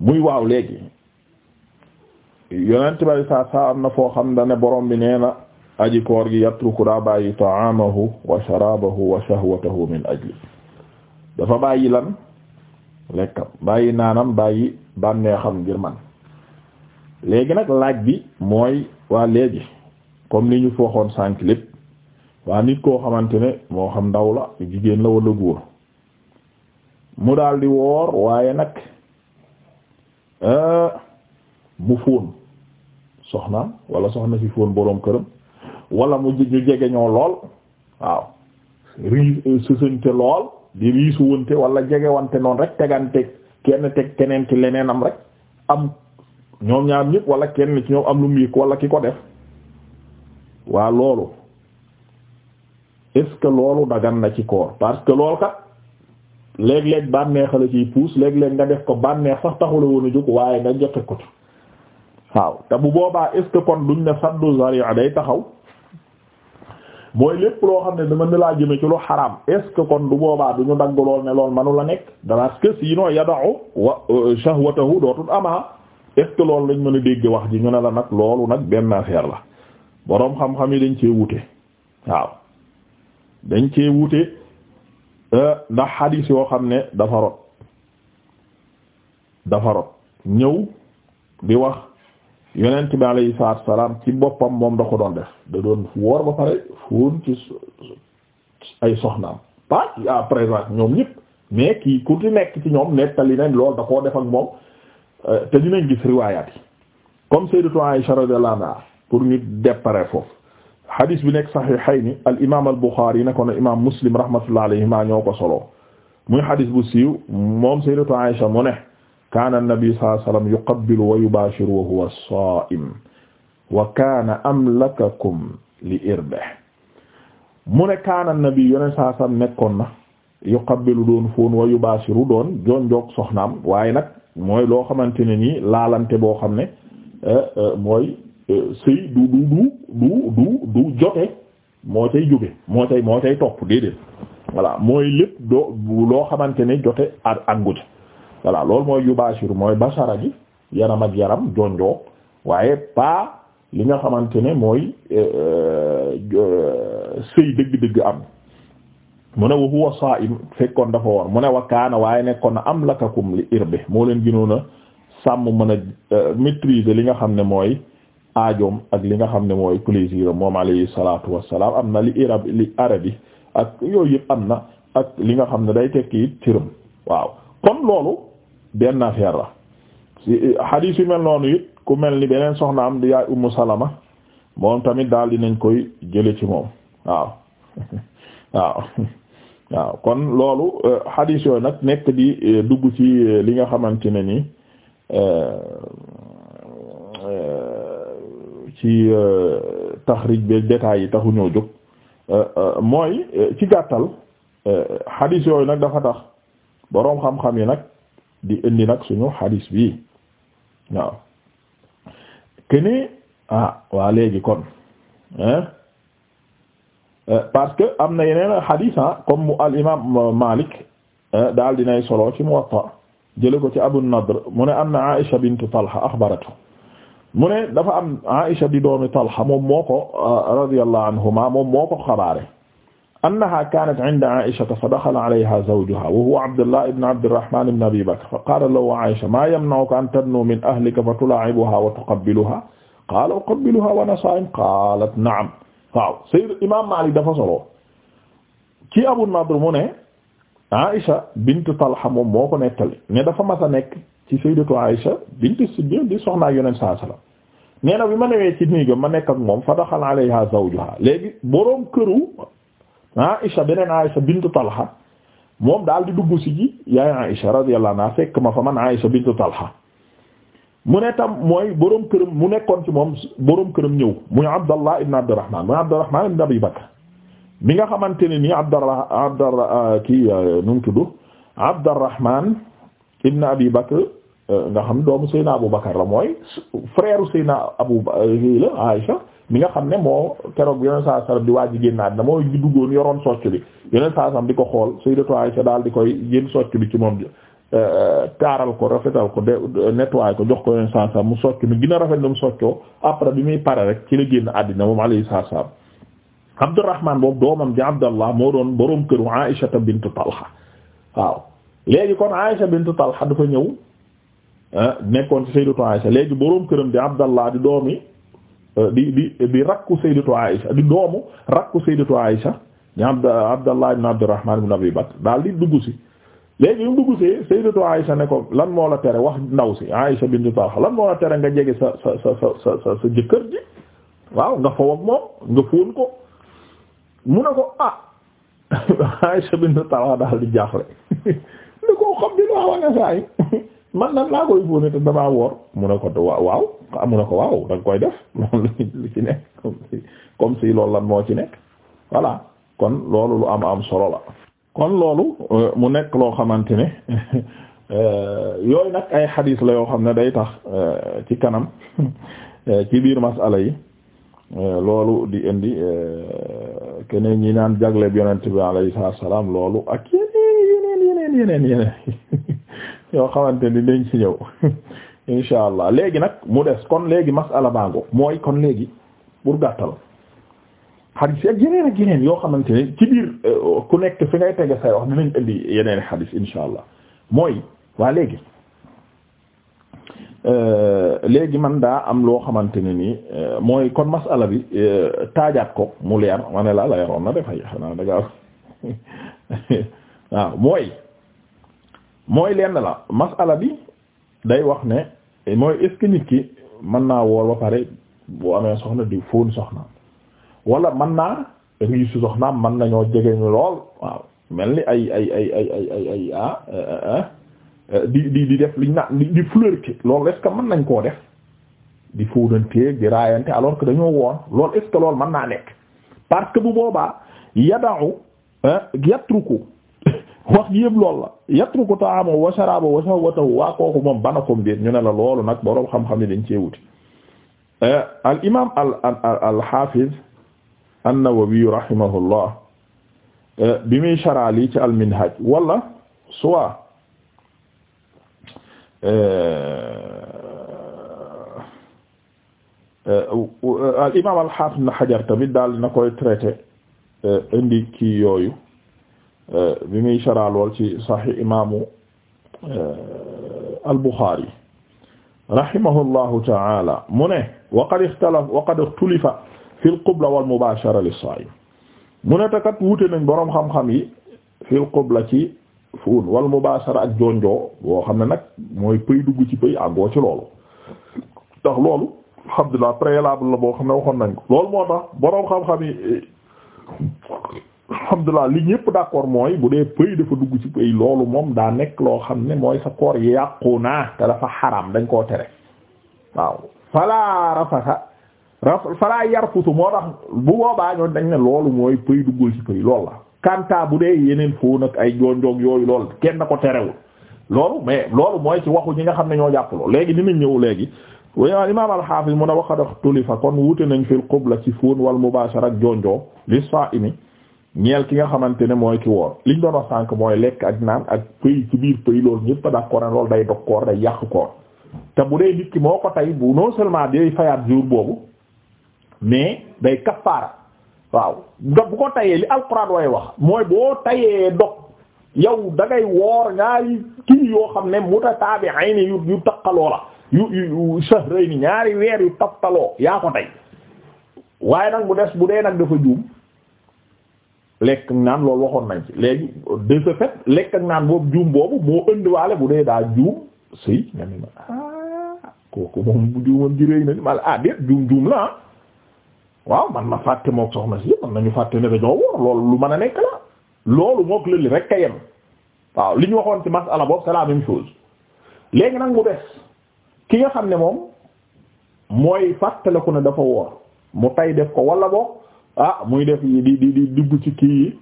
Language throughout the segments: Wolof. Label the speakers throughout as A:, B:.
A: muy waaw léegi yonent bay saa saa am na foo xam ne borom bi nee na aji koor gi yatruku daa bàyyi ta'amahu wa sharabahu wa shahwatahu min ajli dafa bàyyi lan lekkam bàyyi naanam bàyyi bànneexam ngir man léegi nag laaj bi mooy waa léegi comme li ñu fooxoon sànk lépp waa nit koo xamante ne moo xam ndaw la jigéen la wala góor mu daal di woor waaye nag Euh, mu fóon soxnaam wala soxna si fóon boroom këram wala mu jege ñoo lool waaw rii euh, sësante lool di riisu wante wala jege wante noonu rek tegante kenn teg keneen ki leneen am rek am ñoom ñaar ñëpp wala kenn ci ñoom am lu mu yëg wala ki ko def waa loolu est que loolu dagan na ci koor parce que loolu kat léeg-léeg bànneex la ciy puus léeg-léeg nga def ko bànneex sax la woon a jóg waaye nga jot ko waaw te bu boobaa est ce kon duñ ne saddu zari'a day taxaw mooy lépp loo xam ne dama ne laa jëme ci lu xaraam est ce que kon du boobaa dagg lool ne lool manu la nekk parce que sinon yada'u wa euh, shahwatahu wa ama ah. est ce que loolu lañ mën a dégg wax ji ñu ne la nag loolu nag benn affaire la boroom xam-xam yi dañ cee wute waaw dañ cee wute Euh, ndax xadiis yoo xam ne dafa rot dafa rot ñëw di wax yonent bi alayhi salaatu salaam ci boppam moom da ko doon def da doon woor ba pare fóon ci ay soxnaam pas à présent ñoom ñëpp mais kii ku ci nekk ci ñoom nettali nañ loolu da koo def ak moom euh, te dinañ gis riwaayaat yi comme Sayyidatu Aisha radiyallahu anha pour ñu déparé foofu hadis bi nekk saxiixayni al imaam al buxaari na ko ne imaam muslim rahmatullahi alayhimaa ñoo ko solo muy hadis bu siiw moom sayyidatu Aysa mu ne kaana an-nabi sallallahu alayhi wa sallam yuqabbilu wa yubaashiru wa huwa saa'im wa kaana amlakakum li irbihi mu ne kaana an-nabi yonent sallallahu alayhi wa sallam nekkoon na yuqabbilu doon fóon wa yubaashiru doon joon joog soxnaam waaye nag mooy loo xamante ne nii laalante boo xam ne eh, eh, mooy. sëy du du du du du du jote moo tay jóge moo tay moo tay topp déedéet voilà mooy lépp doo loo xamante ne jote ak angute voilà loolu mooy yubashiru mooy basara gi yaram ak yaram jonjoo waaye pas li nga xamante ne mooy euh, euh, sëy dëgg-dëgg am mu ne wa huwa sa'im fekkoon dafa war mu ne wa kaana waaye nekkoon na am lakakum li moo leen gënoon a sàmm mën a euh, maîtriser li nga xam ne mooy aajom ak li nga xam ne mooy plaisir moom alayhi salaatu wassalaam am na li irab li arabi ak yooyu yëpp am na ak li nga xam ne day tekki it cëram waaw kon loolu benn affaire la si hadith mel noonu it ku mel ni beneen soxna am di yaay ummu salama moom tamit daal dinañ koy jële ci moom waaw waaw waaw kon loolu hadith euh, yooyu nag nekk di euh, dugg ci euh, li nga xamante ne nii ci euh, taxrij bi détails yi taxu ñoo jóg euh, euh, mooy ci gàttal xadis yooyu nag dafa tax boroom xam-xam yi nag di indi nag suñu xadis bi waaw keni ah waa léegi kon hein parce que am na yeneen xadis ah comme al imam Malik daal dinay solo ci Muwatta jële ko ci Abu Nadr mu ne anna Aisha bint Talha axbaratu mu ne dafa am Aisha di doomi Talha moom moo ko euh, radiyallahu anhuma moom moo ko xabaare annaha kanat inda Aisha fa daxala alayha zawjuha wa huwa Abdullah ibn Abdirrahman ibn Abi Bakr fa qala lahu Aisha ma yamna'uka an tadnu min ahlika fa tulaa'ibuha wa tuqabbiluha qala uqabbiluha wa ana saa'im qalat na'am waaw Sayyid Imam Malik dafa solo ci Abu Nadr mu ne Aisha bint Talha moom moo ko nettali ne dafa mas a nekk ci sayyidatu Aisha bint Siddiq di soxnaa yonent saa sallam nee na bi ma ma nekk moom fa daxala alayha zawjuha léegi boroom këru Aisha beneen Aisha bint Talha moom daal di dugg si ji yaay Aisha radiyallahu anha fekk ma fa man Aisha bint Talha mu ne tam mooy borom këram mu nekkoon ci moom boroom këram ñëw muy Abdallah ibn Abdurrahman muy Abdurrahman ibn Abi Bakr mi nga xamante ne nii Abdallah Abdallah kii nu mu tudd Abdurrahman ibn Abi nga xam doomu Seydina Abu Bakar la mooy frère Seydina Abu euh, la Aïcha mi nga xam ne moo keroog yoneen saa sallam di waaj génn àddina moo di duggoon yoroon socc bi yoneen saa sallam di ko xool Sayyidatu Aïcha daal di koy jën socc bi ci moom euh, taaral ko rafetal ko de nettoyé ko jox ko yoneen saa mu socc mi gën a rafet na mu soccoo après bi muy pare rek ci la génn àddina moom alayhi saa sallam Abdurrahman boobu doomam ji Abdallah moo doon boroom këru Aïcha bint Talha waaw léegi kon Aïcha bint Talha dafa Ah, nekkoon ci Sayyidatu Aisha léegi boroom këram di Abdallah di doomi euh, di di di rakku Sayyidatu Aisha di doomu rakku Sayyidatu Aisha di Abd ibn Abdurrahman ibn Abi Bakr daal di dugg si léegi mu dugg si Sayyidatu Aisha ne ko lan moo la tere wax ndaw si Aisha bint Talha lan moo la tere nga jege sa sa sa sa sa sa jëkkër ji waaw nga faw moom nga fóon ko mu ne ko ah Aisha bint Talha daal di jaaxle ne koo xam di lu xawa nga saay man nan laa koy fóone te damaa woor mu ne ko waaw mu ne ko waaw da koy def loolu lu ci nekk comme si loolu lan moo ci nekk voilà kon loolu lu am am solo la kon loolu euh, mu nekk loo xamante ne euh, yooyu nag ay xadiis la yoo xam ne day tax euh, ci kanam ci biir masala yi loolu di indi kene ñi naan jagleb yonent bi alayhi salaam loolu ak yeneen yeneen yeneen yeneen yoo xamante ni dañ si ñëw insha allah léegi nag mu des kon léegi masala bango mooy kon léegi pour gàttal xadis yeneen ak yeneen yoo xamante ne ci biir euh, ku nekk fi ngay tege say wax dinañ indi yeneen xadis insha allah mooy waa léegi euh, léegi man daa am loo xamante ne nii euh, mooy kon masala bi taajaat ko mu leer ma ne la leeroon na dafay xanaa da ngaa waaw mooy mooy lenn la masala bi day wax ne mooy est nit ki mën naa woor ba pare boo amee soxna di fóon soxna wala mën naa riisu soxnaam mën nañoo jege ñu lool waaw mel ni ay ay ay ay ay ah, eh, eh, eh, di di di def liñ naan di flirter loolu est-ce que mën nañ koo def di fóonanteeg di raayante alors que dañoo woon lool est-ce que mën naa nekk parce bu boobaa yadau yatruku wax ji yëpp loolu la yatruku wa sharabahu wa shahwatahu waa kooku moom banakom déet ñu ne la loolu nag boroom xam-xam ne dañ wuti eh, al imam al al al eh, ci eh, al minhaj wala soit al imam al hafiz na Hajar tamit daal na koy traité indi kii yooyu bi muy shara lool ci sahih imaamu eh, al-Bukhari rahimahullahu ta'ala mu ne waqad ixtalaf waqad ixtulifa fi al-qubla wal mubaashara lis-saa'im mu ne takat wuute nañ boroom xam-xam yi fi al-qubla ci fuun wal mubaashara ak jonjoo boo xam ne nag mooy pëy dugg ci pëy àggoo ci loolu ndax loolu alhamdulillah préalable la boo xam ne waxoon nañ ko loolu moo tax boroom xam-xam yi eh, alhamdulilah li ñëpp d'accord mooy bu dee pëy dafa dugg ci pëy loolu moom daa nekk loo xam ne mooy sa koor yàqu naa te dafa xaram dañ koo tere waaw falaa rafasa raf falaa yarfutu moo tax bu boobaa ñoon dañ ne loolu mooy pëy duggul ci pëy loolu la kanta bu dee yeneen foo nag ay jonjoog yooyu loolu kenn na ko terewul loolu mais loolu mooy ci waxu ñi nga xam ne ñoo jàpp loolu léegi dinañ ñëw léegi waaye imaam al-Hafiz mun a wax a dox tuli fa kon wute nañ fil qubla ci fóon wal mubaashara ak jonjoo li saa ñeel ki nga xamante ne mooy ki woor liñ doon wax sànq mooy lekk ak naan ak pëy ci biir pëy loolu ñëpp a d'accord loolu day dog koor day yàq koor te bu dee nit ki moo ko tey bu non seulement day fayaat jur boobu mais day kafaara waaw nga bu ko tayee li alxuraan way wax mooy boo tayee dog yow da ngay woor ñaari kii yoo xam ne mutataabi'ayni yu yu taqaloo la yu yu shahrayni ñaari weer yu taqaloo yaa ko tey waaye nag bu des bu dee nag dafa juum. lekk naan loolu waxoon nañ ci léegi de lekk naan boobu juum boobu moo ëndiwaale bu dee daa juum sëy nga ni ma ah kooku moom bu juumoon ji réy na ma ah déet juum juum la ah. waaw man na fàtte mook soxna si man nañu fàtte ne dañoo wóor loolu lu mën a nekk la loolu mook lëli rek ka yem waaw li ñu waxoon ci masala boobu c'est la même chose léegi nag mu des ki nga xam ne moom mooy fàttaliku ne dafa wóor mu tay def ko wala boog ah muy def di di di dugg ci yi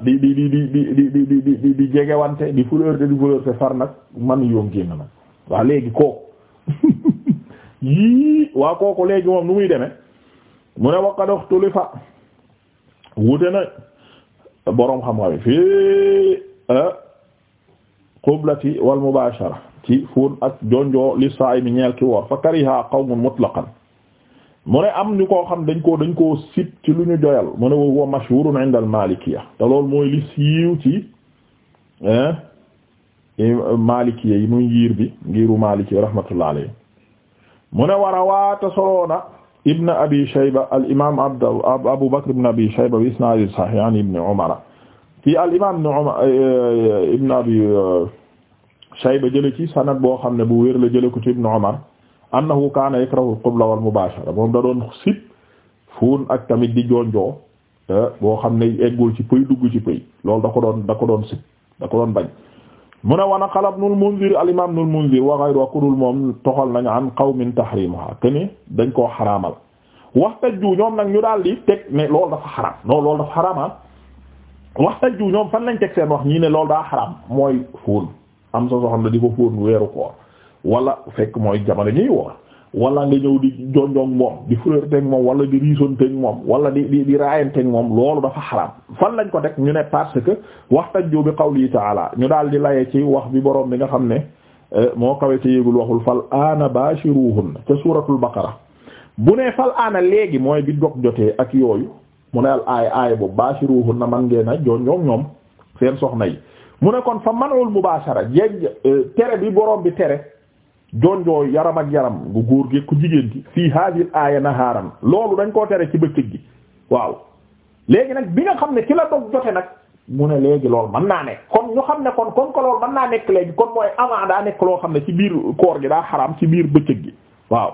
A: di di di di di di jegewante di fleur te di fleur te far nag man yoom génn nag waa léegi kooku yii waa kooku léegi moom nu muy deme mu ne waqad fa wute na boroom xam-xam yi fii qublati wal mubashara ci fóon ak jonjoo li sa'i mi ñeel ki woor fa kariha qawmun mutlaqan mu am ñu koo xam dañ koo dañ koo sib ci lu ñu joyal mu ne huwa mashhurun inda al malikiya te loolu mooy li siiw ci malikiya yi muy ngiir bi ngiiru malikiya rahmatullah alayhi mu ne war a waata soloona ibn abi shayba al imam abd abu bakr ibn abi shayba bi isnaad sahih an ibn fi al imam abi shayba jële ci sanad boo xam ne bu wér la jële ko ci ibn umar annahu kaana yakrahu ko qubla wal mubaashara moom da doon sib fuun ak tamit di jonjoo eh, boo xam ne eggul ci pëy dugg ci pëy loolu da ko doon da ko doon sib da ko doon bañ mu ne wana xalab nul munzir al imam nul munzir wa ghayru akudul moom toxal nañu an qawmin tahrimuha kene dañ koo xaraamal waxtaju ñoom nag ñu daal di teg ne loolu dafa xaraam non loolu dafa xaraama ah. waxtaju ñoom fan lañ teg seen wax ñii ne loolu daa xaraam mooy fóon am sa soo xam ne di ko fóon weeru koor wala fekk mooy jamono ñuy woor wala nga ñëw di jonjoog moom di flirteeg moom wala di riisonteeg moom wala di di di raayanteeg moom loolu dafa xaraam fan lañ ko teg ñu ne parce que waxtaan joo bi qawli ta'ala ñu daal di laye ci wax bi borom bi nga xam ne euh, moo kawe ci yéegul waxul fal aana bashiruhunna ca suuratul baqara bu ne fal aana léegi mooy bi dog jotee ak yooyu mu ne al aaya aaya boobu bashiruhunna man ngeen a jonjoog ñoom seen soxna yi mu ne kon fa manul mubaashara jégg euh, tere bi borom bi tere. jonjoo yaram ak yaram gu góor gi ku jigéen gi fii hadil na nahaaran loolu dañ koo tere ci bëccëg gi waaw léegi nag bi nga xam ne ki la dog jote nag mu ne léegi lool mën naa nekk kon ñu xam ne kon kon ko loolu mën naa nekk léegi kon mooy avant daa nekk loo xam ne ci biir koor gi daa xaraam ci biir bëccëg gi waaw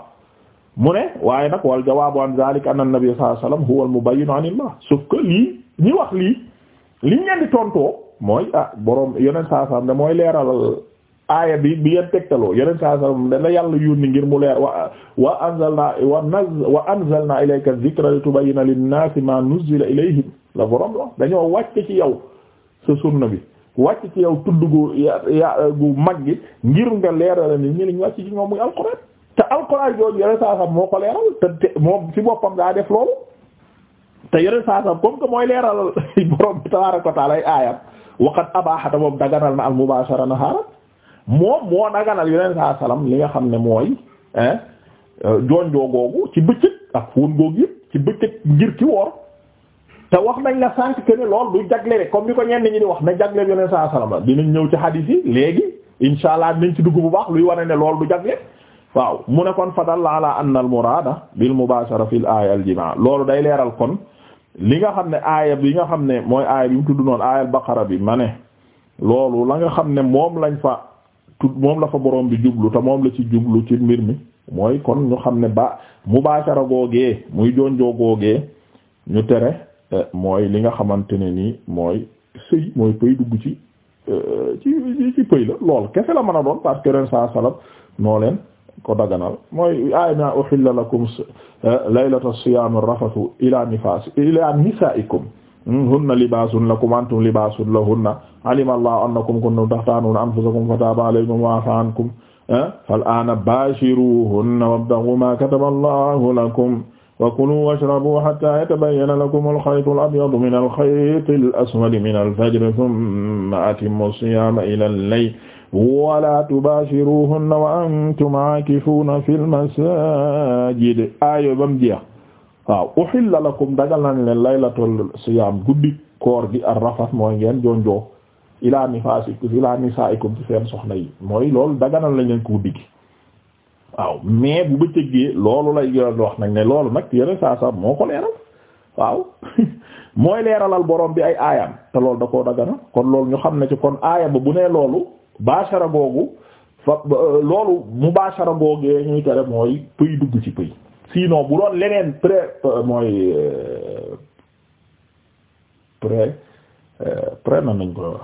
A: mu ne waaye nag wal jawaabu an zalik anna nabi sallallahu alayhi wasallam huwa al mubayyin an illah sauf que lii ñi wax lii liñ leen di tontoo mooy ah mooy leeralal aaya bi bi ngeen tegtaloo yeneen saa sallam dana yàlla yónni ngir mu leer wa wa anzalna wa naz wa anzalna ilayka dhikra litubayyina lin-naasi ma nuzila ilayhim la borom la dañoo wàcc ci yow sa sunna bi wàcc ci yow tudd gu ya gu mag gi ngir nga leerala ni ñi liñ wàcc ci moom muy alxuraan te alxuraan jooju yeneen saa sallam moo ko leeral te moom ci boppam daa def loolu te yeneen saa kom comme que mooy leeralal borom bi tabaaraka wa ta'aala ay aayam waqad abaaha moom daganal na al-mubaashara nahaara moom moo daganal yeneen saa salaam li nga xam ne mooy euh, jonjoo googu ci bëccëg ak fóon googu yëpp ci bëccëg ngir ki woor te wax nañ na sànq que ne loolu du jaglele comme ni ko ñenn ñi di wax na jagleel yeneen saa salaam la dinañ ñëw ci hadith yi léegi insha allah dinañ ci dugg bu baax luy wane ne loolu du jagle waaw mu ne kon fadalla ala anna al muraada bil mubaashara fil aaya al jimaa loolu day leeral kon li nga xam ne aaya bi nga xam ne mooy aaya bi mu tudd noonu aaya al bi ma ne loolu la nga xam ne moom lañ fa. tudd moom la fa borom bi jublu te moom la ci jublu ci mbir mi mooy kon ñu xam ne ba mubaashara googee muy jonjoo googee ñu tere eh, mooy li nga xamante ne nii mooy sëy mooy pëy dugg ci eh, ci pëy la lool kese la mën a doon parce que ren saa salab noo leen ko daganal mooy aay na uhilla lakum eh, laylata siyaam rafathu ila nifaas ila nisaikum hmm, hunna libaasun lakum antum libaasun lahunna alima allahu annakum kuntum takhtanuna anfusakum fataba alaykum wa afa ankum fal ana bashiruhunna wabtaghu ma kataba allahu lakum wa kulu washrabu hatta yatabayyana lakum al-khaytu al-abyadu mina al-khayti al-aswadi mina al-fajri thumma atimmu as-siyama ila al-layli wala tubashiruhunna wa antum aakifuna fil masajid ayo bam jeex waaw uhilla lakum dagal nañ leen laylatul siyam guddi koor gi ar-rafas mooy ngeen jonjoo ilaa nifaasikum ilaa nisaikum ci seen soxna yi mooy loolu daganal lañ leen ko digg waaw mais bu bëccëgee loolu lay yoon wax nag ne loolu nag yeneen saa saa moo ko leeral waaw mooy leeralal borom bi ay aayam te loolu da koo dagana kon loolu ñu xam ne ci kon aaya ba bu nee loolu baashara googu fa loolu mu baashara googee ñuy tere mooy pëy dugg ci pëy sinon bu doon leneen pré euh, mooy euh, pré na nañ ko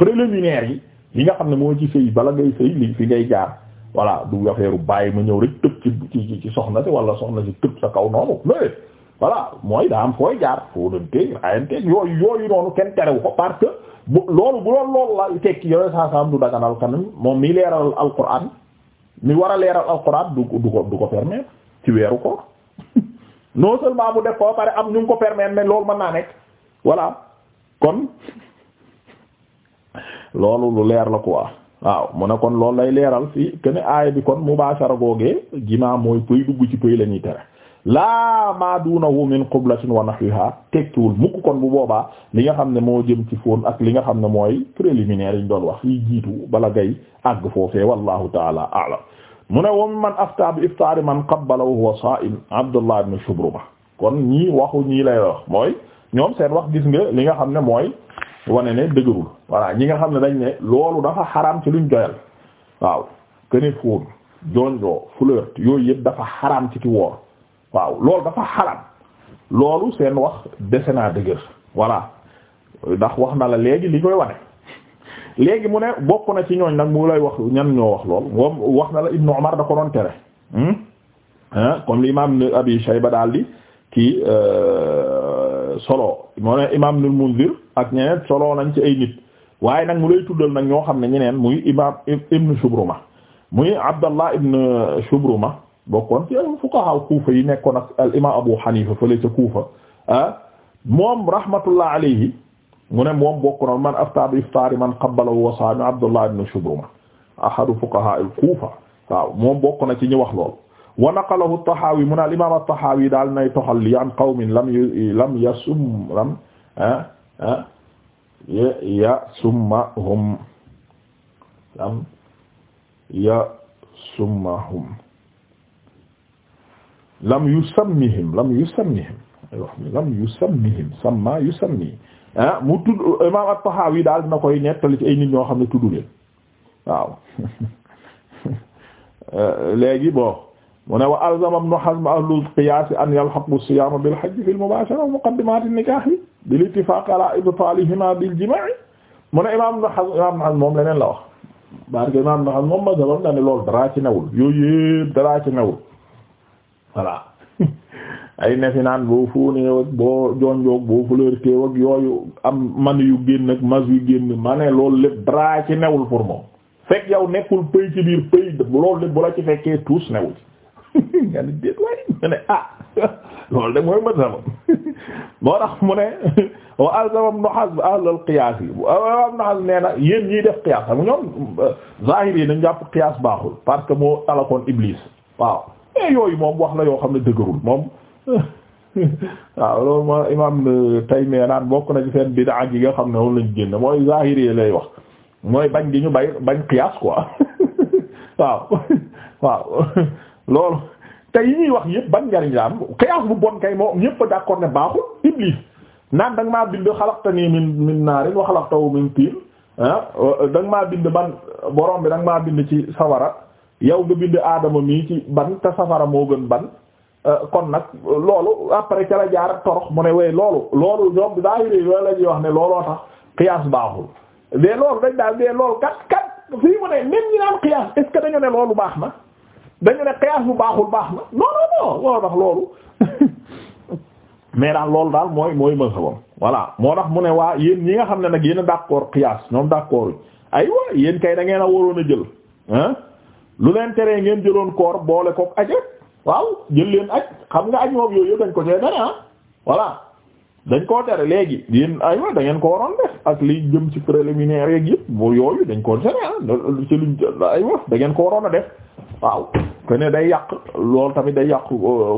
A: préliminaires yi yi nga xam ne moo ci sëy bala ngay sëy li fi ngay jaar voilà du affaire bàyyi ma ñëw rek tëb ci soxna si wala soxna si tëb sa kaw noonu mais voilà mooy daa am fooy jaar foo doon teg rayanteeg yooyu yooyu noonu kenn terewu ko parce que bu loolu bu doon loolu la tekki yooyu saa saa am du kanam moom mi leeral alquran mi war a leeral alquran du du ko du ko permettre ci weeru ko non seulement mu def ko pare am ñu ko permettre mais loolu mën naa nekk voilà loolu lu leer la quoi waaw mu ne kon loolu lay leeral fi que ne aaya bi kon mubaashara googee jimaa mooy pëy dugg ci pëy la ñuy tere laa maa duunahu min qublatin wa nahwiha tekkiwul mukk kon bu boobaa li nga xam ne moo jëm ci fóon ak li nga xam ne mooy préliminaire yi ñu doon wax yi jiitu bala ngay àgg foofee wallahu taala a'lam mu ne woom man afta bi iftaari man qabbala wa huwa saa'im Abdullah ibn ma kon ñii waxu ñii lay wax mooy ñoom seen wax gis nga li nga xam ne mooy wane ne dëgërul voilà ñi nga xam ne dañ ne loolu dafa xaraam ci luñ joyal waaw kene fóon jonjoo flirt yooyu yëpp dafa xaraam ci ki woor waaw loolu dafa xaraam loolu seen wax dese naa dëgër voilà ndax wax na la léegi li koy wane léegi mu ne bokk na ci ñooñ nag mu lay wax ñan ñoo wax lool wax na la Ibnu Umar da ko doon tere hmm? comme l'imam Abi Shayba daal di kii euh, solo moo ne imaam nul Munzir ak ñeneen solo nañ ci ay nit waaye nag mu lay tuddal nag ñoo xam ne ñeneen muy imaam ibn Shubruma muy Abdallah ibn Shubruma bokkoon ci fuqaha Kuufa yi nekkoon ak al imaam Abu Hanifa fële ca Kuufa ah moom rahmatullah alayhi mu ne moom bokk man afta bi iftaari man qabbalahu wa saami Abdallah ibn Shubruma ahadu fuqaha al Kuufa waaw moom bokk na ci ñu wax lool. wa naqalahu at-Tahawi mun al imam at-Tahawi daal nay toxal li an qawmin lam lam yasum lam ah, ah, yasummahum lam yasummahum lam yusammihim lam yusammihim lam yusammihim samma yusammi ah mu tudd imam at-Tahawi daal dina koy nettali ci ay nit ñoo xam ne tudd leen waaw eh, léegi bon mu ne wa alzama ibn hazm ahlul qiyaas an yalhaqu siyaama bil hajj fil mubaashara wa muqaddimaati nikaah bil ittifaaq alaa ibtaalihima bil jimaa' mu ne imaam ibn hazm moom leneen la wax barke imaam ibn hazm moom ma sabam na ne loolu daraa ci newul yooyu daraa ci newul voilà ay nefi naan boo fóoneewag boo jonjoog boo flirteewag yooyu am man yu génn ak mas yu gén ma ne loolu lépp daraa ci newul pour moom fekk yow nekkul pëy ci biir pëy loolu lépp bu la ci fekkee tuus newul nga ne déet waay nga ne ah loolu de mooy mazhab moo tax mu ne wa alzama Ibn Hazm ahlal qiyaas yi Ibn Hazm nee na yéen ñiy def qiyaas xam nga ñoom euh, zahir yi dañu jàpp qiyaas baaxul parce que moo talakoon Iblis waaw mais eh, yooyu moom wax la yoo xam ne dëgërul moom waaw loolu ma imam Taymiyya naan bokk na ci seen bid'a yi nga xam ne moom lañ génn mooy zahir yi lay wax mooy bañ gi ñu bay bañ qiyaas quoi waaw waaw loolu te yi ñuy wax yëpp ban njariñ la am bu bon kay moo ñëpp d'accord ne baaxul iblis naan da nga maa bind xalaqtanii min min naarin wa xalaqtahu min tiin ah da nga maa bind ban borom bi da nga maa bind ci sawara yow nga bind aadama mii ci ban te safara moo gën ban eh, kon nag loolu après ca la jaar torox mu ne wey loolu loolu ñoom zaahiri yooyu la ñuy wax ne looloo tax xiyaas baaxul mais loolu dañ daal mais loolu kat kat fii mu ne même ñi ne baax na. dañu ne qiyaas bu baaxul baax na non non non loolu tax loolu mais daal loolu daal mooy mooy mazhabam voilà moo tax mu ne waa yéen ñi nga xam ne nag yéen a d'accord qiyaas ñoom d'accord aywa yéen kay da ngeen a waroon a jël ah lu leen teree ngeen jëloon koor boole koog aje waaw jël leen aj xam nga aj moom yooyu dañ ko see dara ah voilà. dañ koo tere léegi yéen aywa da ngeen ko waroon def ak li jëm ci préliminaire yeeg yëpp bu yooyu dañ koo tere ah ci luñ aywa ko waroon a def waaw te ne day yàq lool tamit day yàq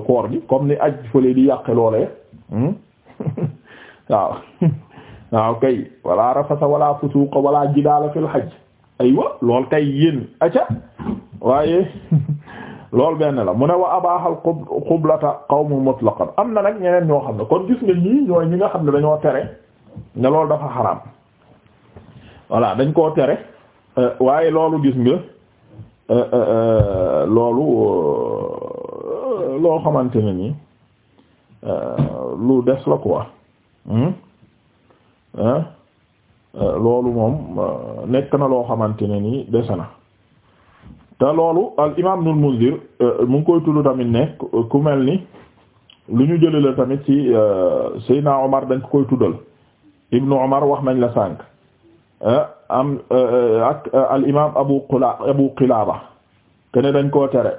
A: koor gi comme ni aj fële di yàqe loolee hmm waaw waaw kay wala rafasa wala fusuqa wala jidaala fil hajj aywa lool kay yéen aca waaye loolu benn la mu ne wa abaaxal xublata qawmu mutlaqan am na nag ñeneen ñoo xam ne kon gis nga ñii ñooy ñi nga xam ne dañoo tere ne loolu dafa xaraam voilà dañ koo tere euh, waaye loolu gis nga euh, euh, loolu loo xamante ne nii lu des la quoi hmm? loolu moom nekk na loo xamante ne ni dese na te loolu al imaam Ibnul Munzir euh, mu ngi koy tudd tamit ne ku mel ni lu ñu jëlee tamit ci euh, Seydina Omar dañ ko koy tuddal Ibnu Omar wax nañ la sànq euh, am ak al imaam Abu Qula Abu Qilaba kene dañ koo tere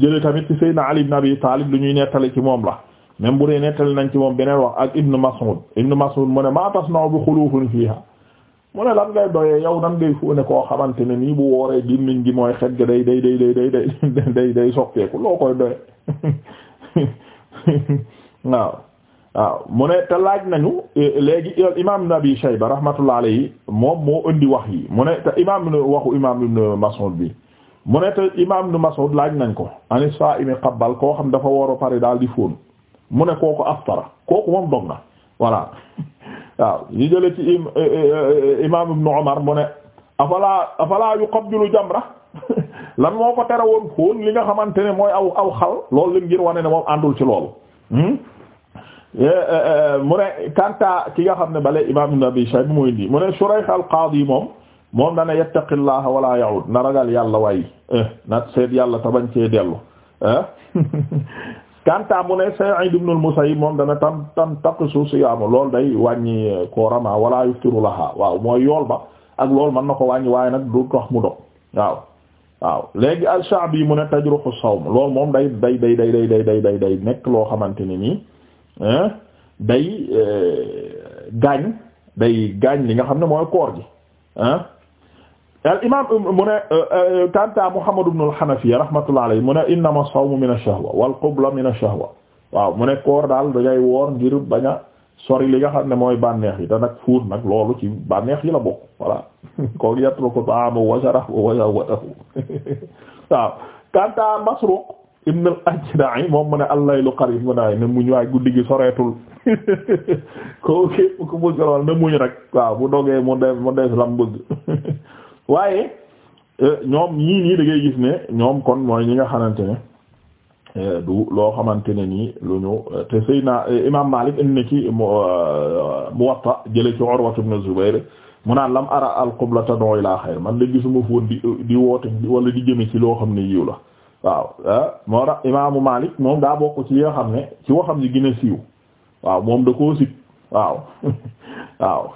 A: jëlee tamit ci Seydina Ali ibn Abi Talib lu ñuy nettali ci moom la même bu dee nettali nañ ci moom beneen wax ak Ibnu Mas'ud Ibnu Mas'ud mu ne ma tasna'u bi xulufin fiha mu ne lan ngay doyee yow nan ngay fóone koo xamante ne nii bu wooree gémmiñ gi mooy xet ga day day day day day day soppeeku loo koy doye waaw waaw mu ne te laaj nañu e, léegi e, imam ibn Abi Shayba rahmatullah alayhi moom moo indi wax yi mu ne te imam waxu imam ibn Mas'ud bi mu ne te imam ibn Mas'ud laaj nañ ko anis fa imi xabbal koo xam dafa woor a pare daal di fóon mu ne kooku aftara kooku moom dog na voilà waaw yi jële ci e, e, e, imam ibnu Umar mu ne afalaa afalaa yuqabbilu jamra lan moo ko tere woon fóon li nga xamante ne mooy aw aw xal lool lim ngir wane ne moom àndul ci loolu hmm? mu ne kanta ki nga xam ne bale imam ibnu Abi Shayba mooy ndi mu ne Shurayh al-Qaadi moom moom dana yattaqillaha wala ya'ud na ragal yàlla waay eh, na seet yàlla tabañ cee dellu eh? kanta mu ne Sa'id ibn al-Musayyib moom dana tam tam taqisu siyaamu loolu day wàññi eh, koorama wala yuftiru laha waaw mooy yool ba ak loolu mën na ko wàññi waaye nag du tax mu dog waaw waaw léegi al yi mu ne tajruhu sawm loolu moom day day day day day day day day day nekk loo xamante ne nii eh, day eh, gaañ day gaañ li nga xam ne mooy koor gi al imaam euh, mu ne Tanta euh, euh, Muhammad ibn al-Hanafiya rahmatullah alayhi mu ne innama as-sawmu min ash-shahwa waaw mu ne koor daal da ngay woor ngir baña a sori li nga xam ne mooy bànneex yi te nag fuut nag loolu ci bànneex yi la bokk voilà ko yatruku ta'aamahu wa sharabahu wa shahwatahu waaw Tanta Masruq ibn al-Ajda' moom mu ne al-laylu qariib mu ne muñ waay guddi gi soreetul ko képp ku lool na muñ rek waaw bu dogee mu def mu def lam bëgg waaye euh, ñoom ñii nii da gis ne ñoom kon mooy ñi nga xamante ne euh, du loo xamante ne nii lu ñu euh, te Seydina Imaam Maalik indi na ci Muwatta jële ci Urwa ibn Zubayr mu naan lam ara al-qibla tad'u ila man de gisuma foon di di woote wala di jëme ci loo xam ne yiw la waaw ah, moo tax Imaamu Maalik moom daa bokk ci yi nga xam ne ci waxam ji gën a siiw waaw moom da koo sit waaw waaw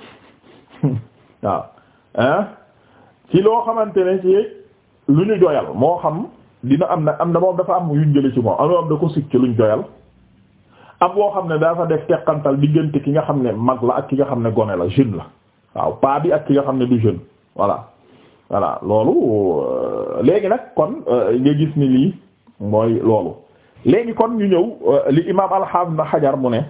A: waaw ah, ci loo xamante ne ci lu ñu joyal moo xam dina am na am na moom dafa am yuñ jële ci moom am na moom da ko sikk ci luñ joyal am boo xam ne dafa def teqantal diggante ki nga xam ne mag la ak ki nga xam ne gone la jeune la waaw paa bi ak ki nga xam ne du jeune voilà voilà loolu euh, léegi nag kon euh, nga gis ni lii mooy loolu léegi kon ñu ñëw euh, li imaam alxaam na xajar mu ne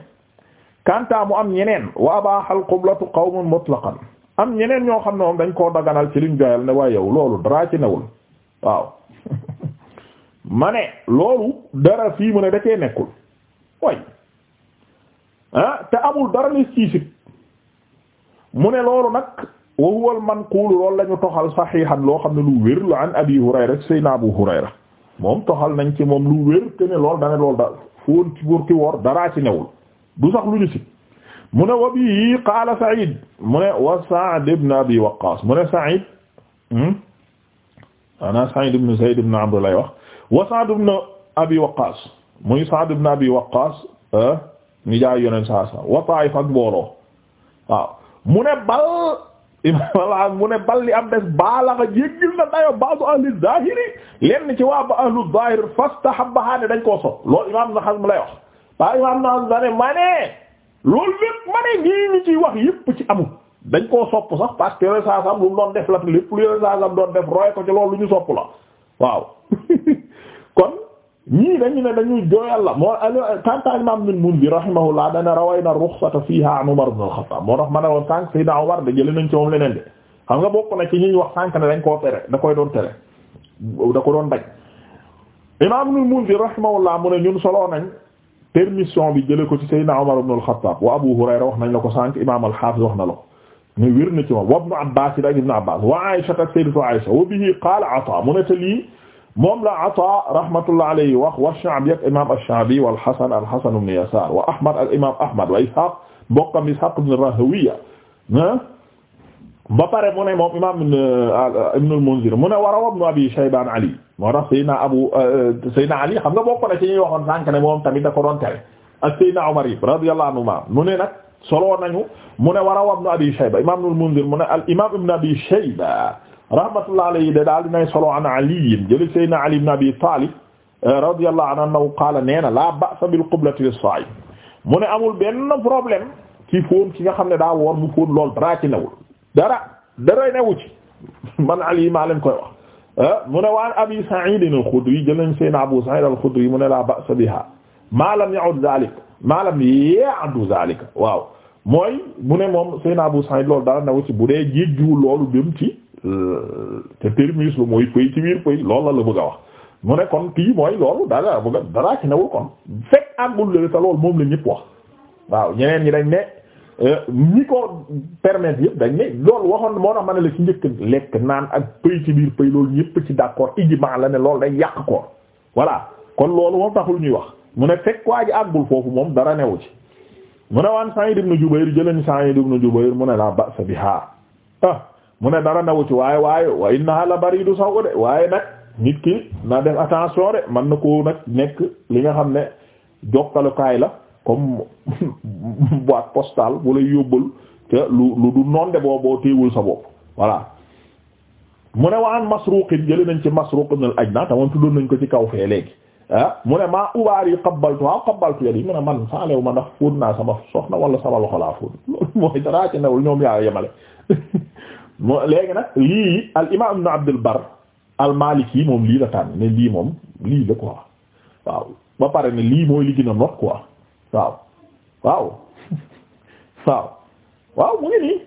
A: kanta mu am ñeneen wa abaaxal qiblatu qawmun mutlaqan am ñeneen ñoo xam ne moom dañ koo daganal ci liñ joyal ne waaye yow loolu dara ci newul waaw ma ne loolu dara fii mu ne da cee nekkul way ah te amul dara ni ciisit mu ne loolu nag wa man al manqul lañu la ñu toxal saxiixan loo xam ne lu wér la an abi hurayra sayna abu hurayra moom toxal nañ ci moom lu wér te ne loolu da ne loolu da fóon ci pour ki wor daraa ci newul du sax lu ñu si mu ne wa bii qaala Saïd mu ne wa Sa'd ibn Abi Waqqas mu ne Saïd hmm? ana Saïd ibn Zayd ibn Amr lay wax wa Sa'd ibn Abi Waqqas muy Sa'd ibn Abi Waqqas eh, ni jaay yoneen saa saa wa Taa'if ak mbooloo waaw mu ne bal voilà mu ne bal li am des baalaxa jéggil na dayo ba'du ahli zahiri lenn ci waa ba ahlu zahir fastahabbaha dañ koo so loolu imam na xas mu lay wax ba imam na xas ma ne loolu lépp ma ne nii ñu ciy wax yépp ci amul dañ koo sopp sax parce que yore saa sam lu mu doon def la lépp lu yore saa doon def roy ko ci loolu lu ñu sopp la waaw kon ñii dañu ne dañuy jooyal la moo tanta imam min mun bi rahimahullah dana raway na ruxsata fiha an Umar ibn al-Khattab moo ma woon sànq Seydina Umar da jële nañ ci moom leneen de xam nga bokk na ci ñuy wax sànq ne dañ koo tere da koy doon tere da ko doon daj imam min mun bi rahimahullah mu ne ñun solo nañ permission bi jële ko ci Seydina Umar ibn al-Khattab wa Abu Hurayra wax nañ la ko sànq imaam al-Hafiz wax na la ko ne wér na ci moom wa Ibn Abbas ak Ibn Abbas wa Aisha ak Sayyidatu Aisha wa bihi qaala Ata mu ne te lii moom la Ata rahmatullah alayhi wax wa Sha'bi ak imaam ash-Sha'bi wal Hasan al-Hasan ibn Yasar wa Ahmad al imaam Ahmad wa Ishaq mbokkam Ishaq ibn Rahawiya ah ba pare mu ne moom imaam euh, euh, Ibn al-Munzir mu ne warawa Ibn Abi Shayba an Ali moo tax Seydina Abu euh, Seydina Ali xam nga bokk na ci ñuy waxoon sànq ne moom tamit da ko doon tere ak Seydina Umar yi radiyallahu anhuma mu ne nag solo nañu mu ne warawa Ibn Abi Shayba imaam Ibn al-Munzir mu ne al imaam Ibn Abi Shayba rahmatullahi alayhi de daal dinay solo an Ali jëli Seydina Ali ibn Abi Talib radiyallahu anhu qaala nee na la ba'sa bil qiblati lis-sa'id mu ne amul benn problème ci fóon ki nga xam ne daa woor bu fóon lool dara ci newul dara dara newu ci man ali maa leen koy wax ah, mu ne waan abi sa'id al-khudri jëlañ seen abu sa'id al-khudri mu ne la ba'sa biha ma lam ya'ud zalik ma lam ya'ud zalik waaw mooy mu ne moom seen abu sa'id loolu dara newu ci bu dee jéggiwul loolu dem ci euh, te permis lu mooy pëy ci biir pëy la la bëgg a mu ne kon kii mooy loolu dara bëgg daraa ci newul kon fekk àggul lële te loolu moom la ñëpp wax waaw ñeneen ñi dañ ne ñi euh, ko permettre yëpp dañ ne loolu waxoon moo tax ma la ci njëkk lekk naan ak pëy ci biir pëy loolu ñëpp ci d'accord ijmaa la ne lool day yàq koor voilà kon loolu moom taxul ñuy wax mu ne fekk waa ji àggul foofu moom dara newu ci mu ne waan Sa'id ibn Jubayr jëlañ Sa'id ibn Jubayr mu ne la ba'sa biha ah mu ne dara newu ci waaye waaye wa innaha la baridu saw de waaye nag nit ki na def attention de man na koo nag nekk li nga xam ne jokkalukaay la comme boîte postale bu lay te lu lu du noonde boo téewul sa bopp voilà mu ne waan masruqin jëli nañ ci masruq ibn al-ajna te moom tuddoon nañ ko ci kaw fee léegi ah mu ne maa ubaar yi xabaltu waaw xabaltu yadi mu ne man faalew ma ndax fóot naa sama soxna wala sama loxo laa fóot loolu mooy daraa ci newul ñoom yaa yemale mo léegi nag lii al imam ibn abdul bar al maliki moom lii la tànn ne lii moom lii la quoi waaw ba pare ne lii mooy li waaw waaw waaw mu ngi nii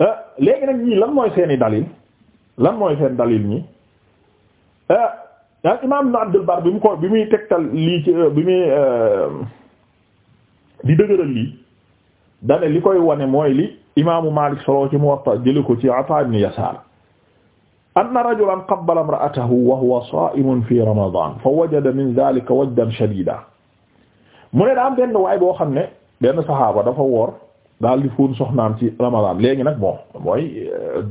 A: eh, léegi nag ñii lan mooy seeni dalil lan mooy seen dalil ñi eh, al imam ibn Abdul bi mu ko bi muy tegtal lii bi muy eh, di dëgëral li koy wane mooy li imaamu Maalik solo ci Muwatta jële ko ci Ataa ibn Yasaar anna rajulan qabbala imra'atahu wa huwa saa'imun fi Ramadaan fa wajada min dhaalika wajdan shadiidan mu ne daa benn waay boo xam ne benn saxaaba dafa woor daal di fóon soxnaam ci ramadan léegi nag boo mooy euh,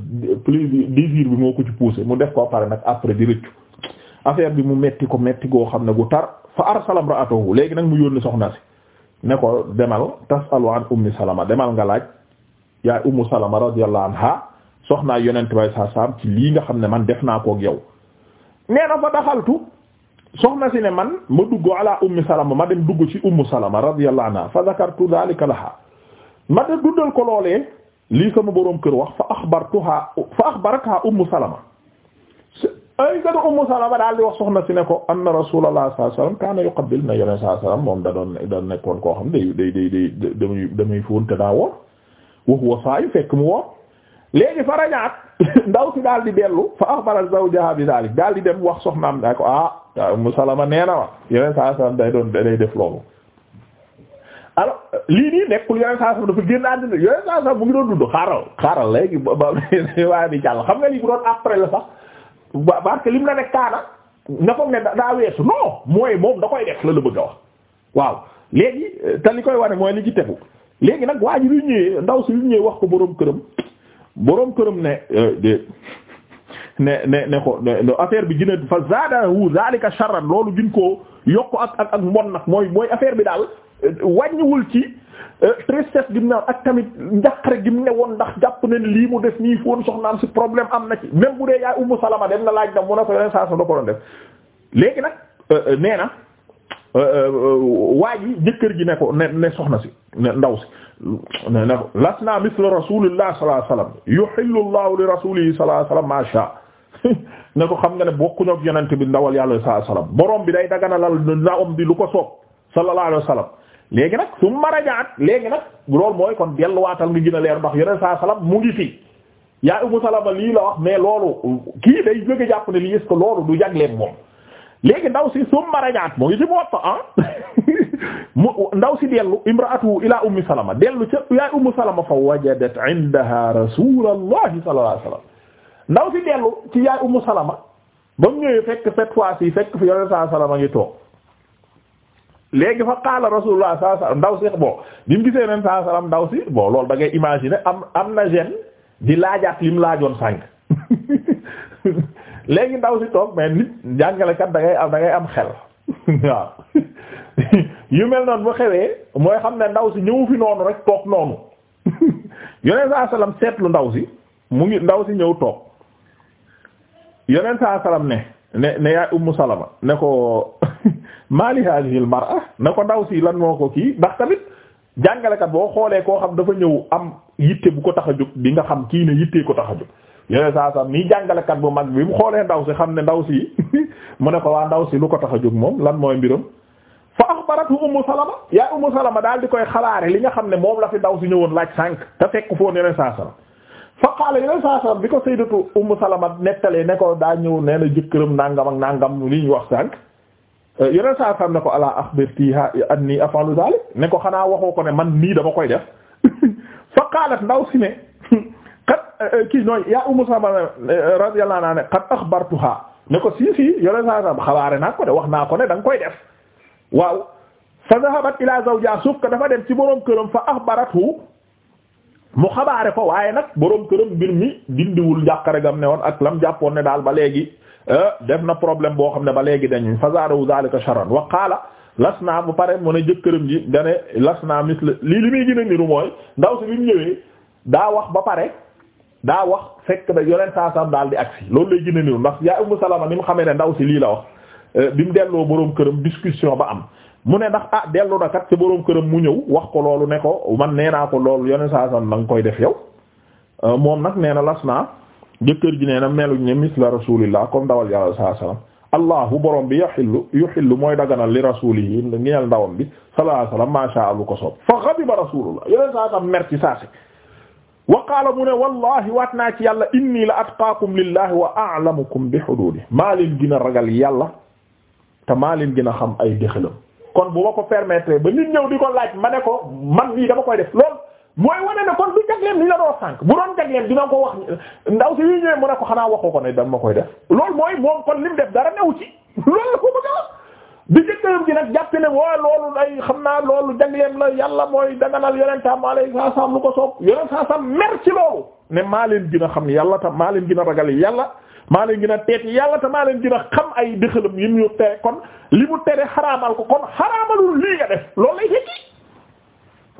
A: plaisir désir bi moo ko ci poussé mu def ko pare nag après di rëccu affaire bi mu metti ko metti goo xam ne gu tar fa arsala imra'atahu léegi nag mu yónni soxna si ne ko demal tasalu an ummi salama demal nga laaj yaay ummu salama an anha soxnaa yonent bay sa sam ci lii nga xam ne man def naa kook yow nee na fa daxaltu soxna si ne man ma dugg ala ummi salama ma dem dugg ci ummu salama radiyallahu anha fa zakartu dhalika laha ma de duddal ko loolee lii sama boroom kër wax fa axbartuha fa axbaratha ummu salama ay gënu ummu salama daal wax soxna si ne ko anna rasulullah sallallahu alayhi wasallam kana yuqabbil na yoneen sallallahu moom da doon nekkoon koo xam day day day day damuy damuy fóon te daa woor wa huwa saa'im fekk mu woor léegi fa ndaw si daal di dellu fa axbarat zawjaha bi dalik daal di dem wax soxnaam daa ko ah Umm Salama nee na ma yeneen saa sallam day doon day def loolu alors lii nii nekkul yeneen saa mu ngi doon dund xaaral xaaral léegi ba waaye di jàll xam nga lii bu doon après la sax parce que lim na nekk kaana nga foog ne daa weesu non mooy moom da koy def la la bëgg a wax waaw léegi te li koy wane mooy li ci tegu léegi nag waa lu ñëwee ndaw si lu ñëwee wax ko boroom këram boroom këram ne euh, ne ne ne ko affaire bi gën fa zaadahu zalika sharran loolu gën koo yokk ak ak mbon nag mooy mooy affaire bi daal euh, wàññiwul ci euh, tristesse gi mu naan ak tamit njaqare gi mu ne woon ndax jàpp na ne lii mu def nii foon soxnaam si problème am na ci même bu dee yaay Ummu Salama dem na laaj na mu ne ko yeneen da ko doon nag nee na waa ji jëkkër ji ne ko ne ne soxna si ne ndaw si nee na lasna misla rasulillah sallallahu alayhi wasallam yuhillu Allahu li rasulihi sallallahu alayhi wasallam ma sha ko xam nga ne bokkuñu ak yonent bi ndawal yàlla sallallahu alayhi wasallam borom bi day daganalal ndawam bi lu ko soob sallallahu alayhi wasallam léegi nag su ma rajaat léegi nag loolu mooy kon delluwaatal nga gën a leer ndax yonent sallallahu alayhi mu ngi fi yaa Ummu Salama lii la wax mais loolu kii day jóge jàpp ne lii est-ce que loolu du jagleem moom léegi ndaw si summa rajaat mu ngi ci Muwatta ah mu ndaw si dellu imraatu ila ummi salama dellu ca yaay ummu salama fa wajadat indaha rasulallahi sallallahu alayhi wasallam ndaw si dellu ci yaay ummu salama ba mu ñëwee fekk cette fois ci fekk fi salama ngi toog léegi fa qaala rasulullah saa ndaw si bon bi mu gisee yoneen saa sallam ndaw si bon loolu da ngay am am na gene di laajaat li mu laajoon sànq léegi ndaw si toog mais nit jàngalekat dangay ngay am da ngay am xel waaw yu mel noonu bu xewee mooy xam ne ndaw si ñëw fi noonu rek toog noonu yoneen saa salaam seetlu ndaw si mu ngi ndaw si ñëw toog yoneen saa salaam ne ne ne yaay ummu salama ne ko mali hadhihi al ne ko ndaw si lan moo ko kii ndax tamit jàngalekat boo xoolee koo xam dafa ñëw am yitte bu ko tax a jóg di nga xam kii ne yittee ko tax a jóg yeneen saa sax mii jàngalekat bu mag bi mu xoolee ndaw si xam ne ndaw si mu ne ko waa ndaw si lu ko tax a jóg moom lan mooy mbiram fa axbaratu ummu salama yaa ummu salama daal di koy xalaare li nga xam ne moom la fi ndaw si ñëwoon laaj sànq te fekk foon yeneen saa sax fa qaala yeneen saa sax bi ko sayyidatu ummu salama nettalee ne ko daa ñëw nee na jëkkëram nangam ak nangam li ñu wax sànq yeneen saa sax ne ko ala axbirtiha anni af'alu dalik ne ko xanaa waxoo ko ne man nii dama koy def ndaw kat euh, kii nooy yaa Ummu Salama euh, radiyallahu anha ne kat axbartuha ne ko sii sii yore saa saa xabaare naa ko de wax naa ko ne da koy def waaw fa dhahabat ila zawjiha suuf ka dafa dem ci boroom këram fa axbaratu mu xabaare ko waaye nag boroom këram mbir mi dindiwul njàqare ne woon ak lam jàppoon ne daal ba léegi euh, def na problème boo xam ne ba léegi dañuy fa zaadahu zaalika sharran wa qaala las naa bu pare moo ne jëkkëram ji dane las naa misle lii li muy gën niru mooy ndaw si bi ñëwee daa wax ba pare. daa wax fekk da yoneen saasam daal di agsi loolu lay gën a niru ndax yaa Ummu Salama ni mu xamee ne ndaw si lii la wax euh, bi mu delloo boroom këram discussion ba am mu ne ndax ah dellu na kat ci boroom këram mu ñëw wax ko loolu ne ko man nee naa ko loolu yoneen saasam da nga koy def yow euh, moom nag nee na las naa jëkkër ji nee na meluñ ne misla rasulillah comme dawal yàlla saa sallam allahu borom bi yaxillu yuxillu mooy daganal li rasulihi ngi ñal bi sallallahu alayhi wasallam ko soob fa ghadiba wa qaala mu ne wallahi waat naa ci yàlla inni la atqaakum lillahi wa a'lamukum bi xuduudi maa leen gën a ragal yàlla te maa leen gën a xam ay déxalam kon bu ma ko permettre ba nit ñëw di ko laaj ma ne ko man lii dama koy def lool mooy wane ne kon du jagleem li la doo sànq bu doon jagleem dina ko wax ndaw si yu ñëwee mu ne ko xanaa waxoo ko ne dama koy def lool mooy moom kon lim def dara new ci loolu la ko bëgg a bi jëkkëram gi nag jàpp ne waaye loolu ay xam naa loolu jagleem la yàlla mooy daganal yonentam alayhi salaam lu ko soob yonent salaam mer ci loolu ne maa leen gën a xam yàlla tam maa leen gin a ragal yàlla maa leen gën a teet yàlla tam maa leen gën a xam ay dëxalam yi mu tere kon li mu tere xaraamal ko kon xaraamalul lii nga def loolu lay fekki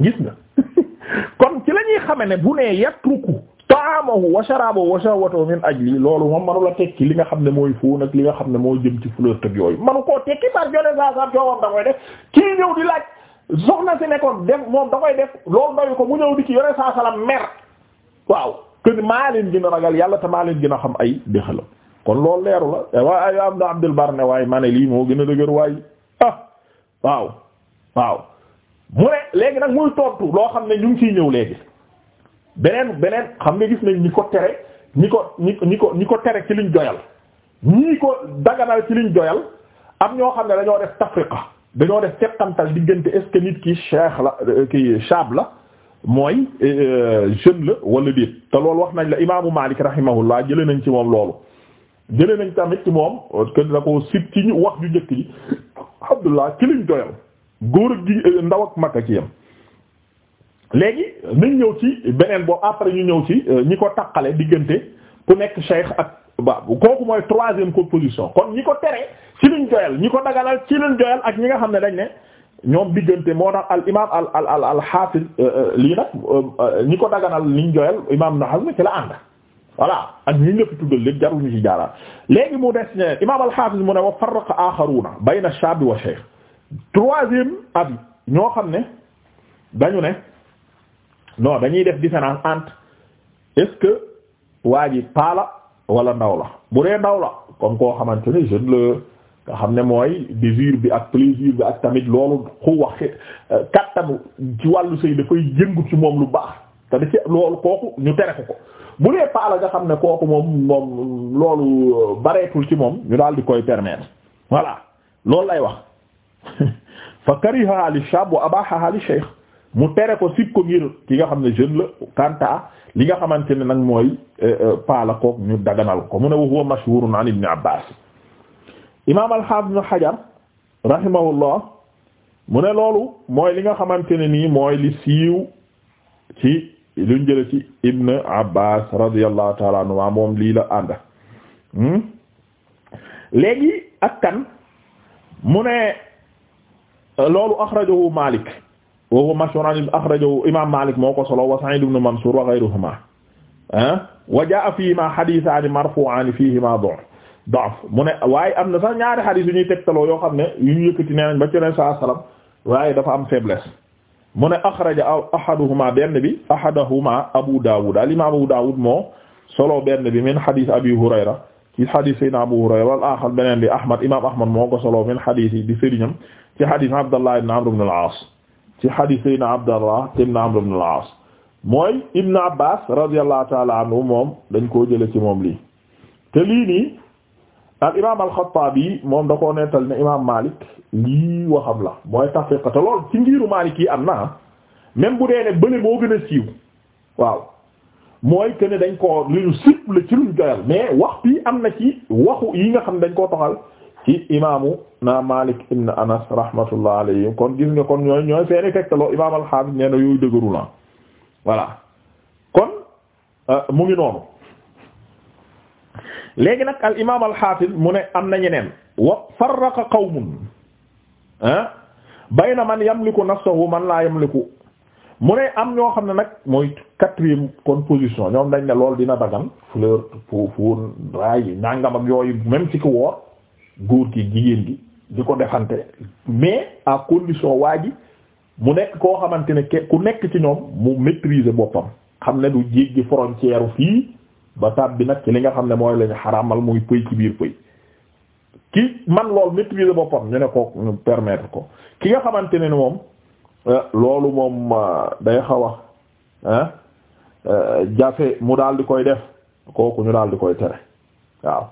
A: gis nga kon ci la ñuy xame ne bu nee yatruku taamahu wa sharabahu wa shahwatahu min ajli loolu moom manu la tekki li nga xam ne mooy fóon ak li nga xam ne moo jëm ci fleur tëb yooyu manu koo tekki par jone saa saa coowam da koy def kii ñëw di laaj soxna si nekkoon def moom da def loolu doy ko mu ñëw di ci yore saa salam mer waaw kën maa leen gën a ragal yàlla te maa leen gën a xam ay déxalam kon loolu leeru la waaye Abdul Bar ne waaye ma lii moo gën a dëgër waaye ah waaw waaw mu ne léegi nag muy tontu loo xam ne ñu ngi ciy ñëw léegi beneen beneen xam nga gis nañ ñi ko tere ñi ko ñi ñi ko ñi ko tere ci liñ doyal ñii ko daganal ci liñ joyal am ñoo xam ne dañoo def tafriqa dañoo def teqantal diggante est-ce que nit ki cheikh la euh, ki chab la mooy euh, jeune la wala déet te loolu wax nañ la imaamu Maalik rahimahullah jëlee nañ ci moom loolu jëlee nañ tamit ci moom que da ko sib ci ñu wax ju njëkk ji Abdullah ci liñ doyal góor ak ji ndaw ak mag a ci yam léegi nañ ñëw ci beneen boobu après ñu ñëw ci euh, ñi ko taqale diggante ku nekk cheikh ak ba kooku mooy troisième composition kon ñi ko tere ci luñ joyal ñi ko dagalal ci luñ joyal ak ñi nga xam ne dañ ne ñoom diggante moo tax al imaam al al al hafiz euh, euh, lii nag ñi ko daganal liñ joyal imaam Ibn Hazm ci la ànd voilà ak ñi ñëpp tuddal lépp jarul ñu ci jaaraat léegi mu des ne imaam al hafiz mu ne wa farraqa axaruna bayna shaab wa shaykh troisième abi ñoo xam ne dañu ne. non dañuy def différence entre est-ce que waa ji paala wala ndaw la bu dee ndaw la comme koo xamante ne jeune la nga xam ne mooy désir bi ak plaisir bi ak tamit loolu ku wax kattanu ci wàllu sëy dafay yëngu ci moom lu baax te da loolu kooku ñu tere ko bu dee paala nga xam ne kooku moom moom loolu euh, bareetul ci moom ñu daal di koy permettre voilà loolu lay wax fa kariha li shab wa abaha li shaykh mu tere ko sib ngir ki nga xam ne jeune la kanta li nga xamante ne nag mooy eh, eh, paala koog ñu daganal ko mu ne wa huwa mashhurun an ibn abbas imam al-hafiz ibn hajar mu ne loolu mooy li nga xamante ne nii mooy li siiw ci luñ jële ci ibn abbas radiyallahu ta'ala anhu moom lii la ànda hmm? léegi ak kan mu ne loolu akhrajahu malik wa huwa mashhur an akhrajahu imam Malik moo ko solo wa Sa'id ibn Mansur wa ghayruhuma ah wa jaa fiihimaa hadiisaani marfuu'aani fiihimaa da'f mu ne waaye am na sax ñaari hadis yu ñuy tegtaloo yoo xam ne yu ñu yëkkati nee nañ ba ci Yonent saa salaam waaye dafa am faiblesse mu ne axraja ahaduhuma benn bi ahaduhuma Abu Dawud al-imaam Abu Dawud moo solo benn bi min hadis Abi Hurayra ci hadis Sayyidina Abu Hurayra wal axar beneen bi Ahmad imaam Ahmad moo ko solo min hadis yi di sëriñam ci hadis Abdallah ibn Amr ibn al-Aas ci hadith sayna Abdallah ibn Amr ibn al-As mooy Ibn Abbas radiyallahu ta'ala anhu moom dañ koo jële ci moom lii te lii nii al imaam al moom da koo nettal na imaam Malik lii waxam la mooy tafiqa te ci ngiiru Malik yi am na même bu dee ne bële moo gën a siiw waaw mooy que ne dañ koo lu ñu cible ci luñ doyal mais wax bii am na ci waxu yi nga xam ne dañ koo toxal ci imaamu na Malik ibn Anas rahmatullah alayhi kon gis nga kon ñooy ñooy seeni tegtaloo imaam al-Hafiz nee dëgëru la voilà kon euh, mu ngi noonu léegi nag al imaam al-Hafiz mu ne am na ñeneen wa farraqa qawmun ah bayna man yamliku man laa yamliku mu ne am ñoo xam ne nag mooy quatrième kon position ñoom nañ ne loolu dina dagan fleur pour pour raay ak yooyu même ci góor gi jigéen gi di ko defante mais à condition waa ji mu nekk koo xamante ne ku nekk ci ñoom mu maîtriser boppam xam ne du jéggi frontière fii ba tab bi nag ci li nga xam ne mooy lañu xaramal muy pëy ci biir pëy ki man lool maîtriser boppam ñu ne ko ñu permettre ko ki nga xamante ne ni moom euh, loolu moom euh, day xaw a euh, jafe mu daal di koy def kooku ñu daal di koy tere waaw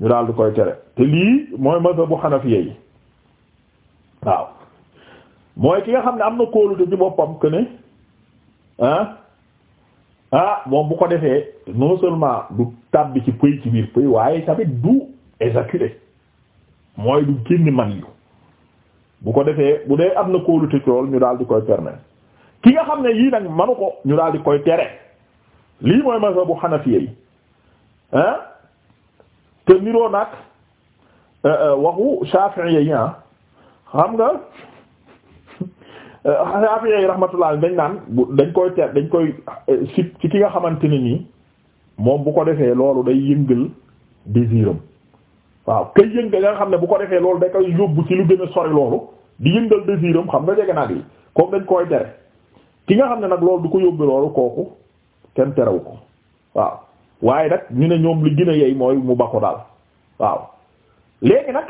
A: ñu daal koy tere te lii mooy mazhabu xanafiya yi waaw mooy ki nga xam ne am na kóolute ci boppam que ne ah ah bu ko defee non seulement du tàbbi ci pëy ci biir pëy waaye tamit du éjaculer mooy du génn man yu bu ko defee bu dee am na kóolute ci ñu daal di koy permettre ki nga xam ne yii nag manu ko ñu daal koy tere lii mooy mazhabu xanafiya yi ah te niroo nag euh, euh, waxu Shafi'i yi ah, xam nga euh, Shafi'i yi rahmatullah dañ naan bu dañ koy ter dañ koy sib ci ki nga xamante ni nii moom bu ko defee loolu day yëngal désiram waaw kay yëngal nga xam ne bu ko defee loolu day koy yóbbu ci lu gën sori loolu di yëngal désiram xam nga jege nag yi comme dañ koy tere ki nga xam ne nag loolu du ko yóbbu loolu kooku kenn terewu ko waaw waaye nag ñu ne ñoom li gën a yey mooy mu ba ko daal waaw léegi nag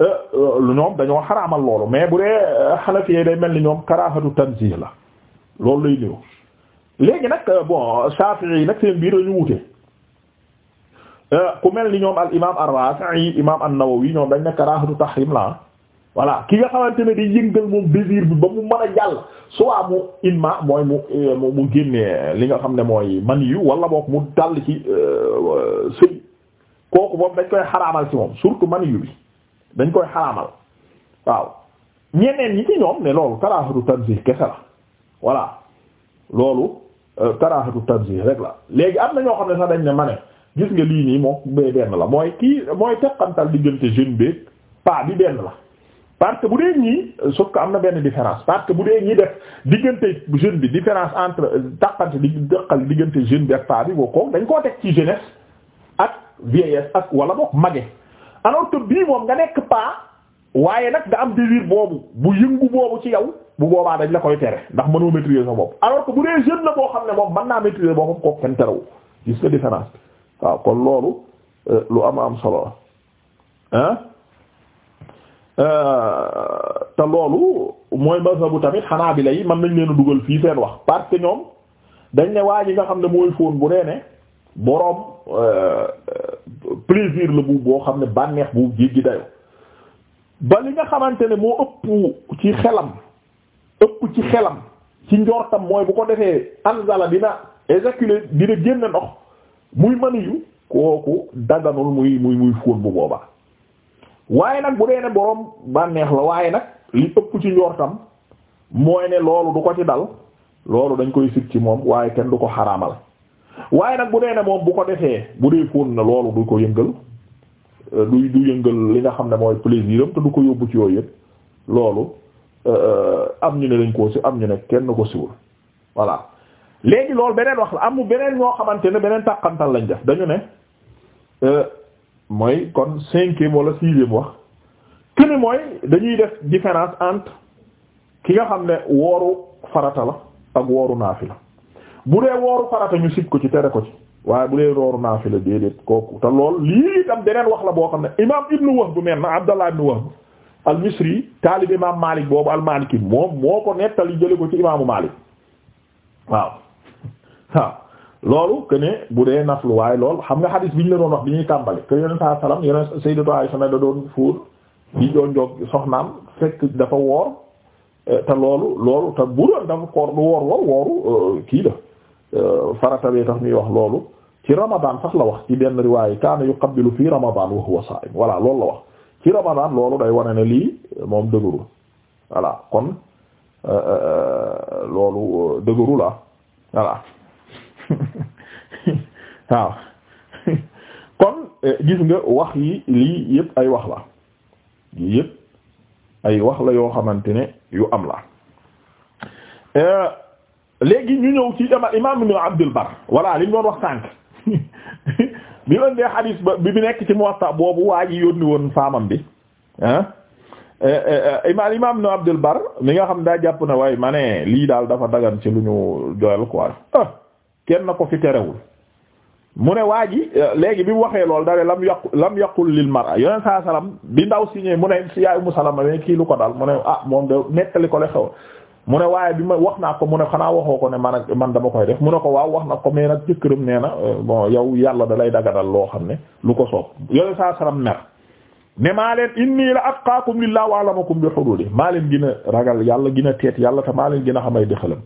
A: lu euh, euh, ñoom dañoo xaraamal loolu mais bu dee xanafiyee euh, day mel ni ñoom karaahatu tanzih la loolu lay niru léegi nag bon Shafi'i yi nag seen biir dañu wute ku mel ni ñoom al imaam ar-Rafi'i imaam an-Nawawi ñoom dañ ne karaahatu tahrim la ah. voilà ki nga xamante ne di yëngal moom désir bi ba mu mën a jàll soit mu imma mooy mu euh, mu génnee li nga xam ne mooy man yu wala boog mu dal ci euh, euh, sëy kooku boobu dañ koy xaramal si moom surtout man bi dañ koy xaraamal waaw ñeneen ñi ci ñoom ne loolu karaahatu tanzih kese la voilà loolu karaahatu tanzih rek la léegi am na ñoo xam ne sax dañ ne ma ne gis nga lii nii moo bee benn la mooy kii mooy teqantal diggante jeune bi pa bi benn la parce que bu dee ñii sauf que am na benn différence parce que bu dee ñii def diggante jeune bi différence entre dàqante euh, di dëqal diggante jeune bi ak paa bi boo ko dañ koo teg ci jeunesse ak vieillesse ak wala boog mage alors que bii moom nga nekk paa waaye nag nga am désir boobu bu yëngu boobu ci yow bu boobaa dañ la koy tere ndax mënoo maîtriser sa bopp alors que bu dee jeune la koo xam ne moom man naa maîtriser boppam kooku kenn terewu gis nga différence waaw kon loolu euh, lu am am solo Euh, te loolu mooy mazhabu tamit xanaabila yi mën nañ leen a dugal fii seen wax parce que ñoom dañ ne waa ji nga xam ne mooy fóon bu dee ne boroom euh, plaisir la bu boo xam ne bànneex bu jéggi dayoo ba li nga xamante ne moo ëpp ci xelam ëpp ci xelam ci njortam mooy bu ko defee anzala dina éjaculer dina génn ndox muy maniyu kooku daganul muy muy fóon bu boobaa waaye nag bu dee ne boroom bànneex la waaye nag li ëpp ci njortam mooy ne loolu du ko ci dal loolu dañ koy sit ci moom waaye kenn du ko xaraamal waaye nag bu dee ne moom bu ko defee bu dee fóon na loolu du ko yëngal euh, du du yëngal li nga xam ne mooy plaisir am te du ko yóbbu ci yooyu yëpp loolu euh, am ñu ne dañ koo si am ñu ne kenn ko siwul voilà léegi loolu beneen wax la amu beneen ñoo xamante ne beneen tàqantal lañ def dañu ne euh, mooy kon cinquième wala sixième wax kene mooy dañuy def différence entre ki nga xam ne wooru farata la ak wooru naafila bu dee wooru farata ñu sib ko ci tere ko ci waaye bu dee wooru naafila déedéet kooku te lool lii tam beneen wax la boo xam ne imaam ibnu Wahb mel na Abdallah ibnu Wahb al-Misri taalib imaam Maalik boobu al moom moo ko nettali jële ko ci imaamu Maalik waaw waaw loolu que bu dee naflu waaye lool xam nga xadis bi ñu la doon wax bi ñuy tàmbali que yonent saa salaam yonent Sayyidatu Aisha da doon fuur di doon jóg soxnaam fekk dafa woor te loolu loolu te bu doon dafa koor du woor wa wooru euh, kii la euh, farata bee tax ñuy wax loolu ci Ramadan sax la wax ci benn riwaay kaana yuqabbilu fii Ramadan wa huwa saa'im voilà loolu la wax ci Ramadan loolu day wane ne lii moom dëgëru voilà kon euh, loolu dëgëru la ah. voilà. waaw kon eh, gis nga wax yi lii yëpp ay wax la lii yëpp ay wax la yoo xamante ne yu am la eh, léegi ñu ñëw ci dama imam ibn Abdul Bar voilà li ñu doon wax sànq bi leen dee bi bi nekk ci Muwatta boobu waa ji yónni woon faamam bi ah eh, imaam imaam ibn Abdul Bar mi nga xam daa jàpp na waaye ma lii daal dafa dagan ci lu ñu doyal quoi ah. kenn na ko fi terewul mu ne waa ji euh, léegi bi mu waxee lool dare lam yaqu lam yaqul lil mar'a yoneen saa salam bi ndaw signé mu ne si yaay Ummu Salama kii lu ko dal mu ne ah moom de nettali ko le xew mu ne waaye bi ma wax naa ko mu ne xanaa waxoo ko ne man ak man dama koy def mu ne ko waaw wax na ko mais nag jëkkëram nee na euh, bon yow yàlla da lay dagadal loo xam ne lu ko soob yoneen saa mer ne maa leen inni la atqaakum lillahi wa a'lamukum bi hududi maa leen gën a ragal yàlla gën a teet yàlla te maa leen gën a xamay di xalam